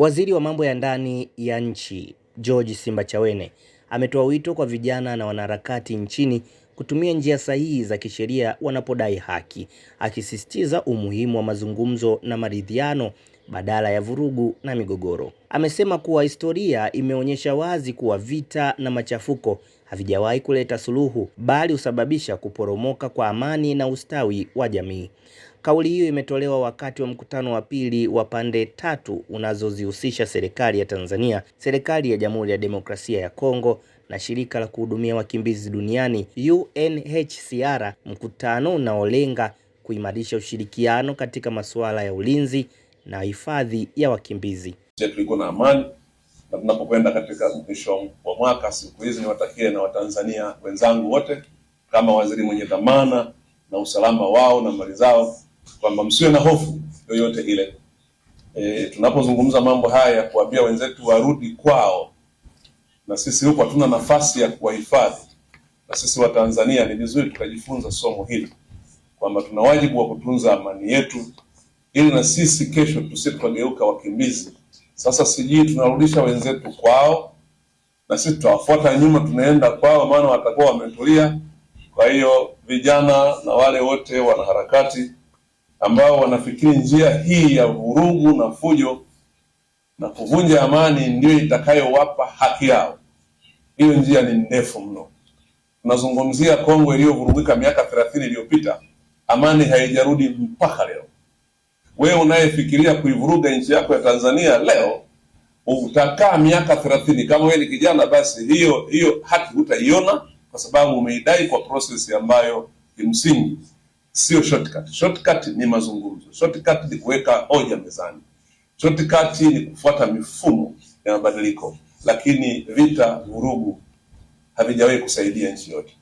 Waziri wa mambo ya ndani ya nchi George Simbachawene ametoa wito kwa vijana na wanaharakati nchini kutumia njia sahihi za kisheria wanapodai haki, akisisitiza umuhimu wa mazungumzo na maridhiano badala ya vurugu na migogoro. Amesema kuwa historia imeonyesha wazi kuwa vita na machafuko havijawahi kuleta suluhu bali husababisha kuporomoka kwa amani na ustawi wa jamii. Kauli hiyo imetolewa wakati wa mkutano wa pili wa pande tatu unazozihusisha serikali ya Tanzania, serikali ya Jamhuri ya Demokrasia ya Kongo na shirika la kuhudumia wakimbizi duniani UNHCR, mkutano unaolenga kuimarisha ushirikiano katika masuala ya ulinzi na hifadhi ya wakimbizi. Tuliko na amani na tunapokwenda katika mwisho wa mwaka, siku hizi niwatakie na Watanzania wenzangu wote, kama waziri mwenye dhamana na usalama wao na mali zao kwamba msiwe na hofu yoyote ile. E, tunapozungumza mambo haya ya kuambia wenzetu warudi kwao, na sisi huko hatuna nafasi ya kuwahifadhi, na sisi Watanzania ni vizuri tukajifunza somo hili kwamba tuna wajibu wa kutunza amani yetu ili na sisi kesho tusi tukageuka wakimbizi. Sasa sijui tunarudisha wenzetu kwao, na sisi tutawafuata nyuma, tunaenda kwao, maana watakuwa wametulia. Kwa hiyo vijana na wale wote wanaharakati ambao wanafikiri njia hii ya vurugu na fujo na kuvunja amani ndiyo itakayowapa haki yao. Hiyo njia ni ndefu mno. Tunazungumzia Kongo iliyovurugika miaka thelathini iliyopita, amani haijarudi mpaka leo. Wewe unayefikiria kuivuruga nchi yako ya Tanzania leo, utakaa miaka thelathini. Kama wewe ni kijana, basi hiyo hiyo haki hutaiona, kwa sababu umeidai kwa prosesi ambayo kimsingi sio shortcut. Shortcut ni mazungumzo, shortcut ni kuweka hoja mezani, shortcut ni kufuata mifumo ya mabadiliko, lakini vita, vurugu havijawahi kusaidia nchi yote.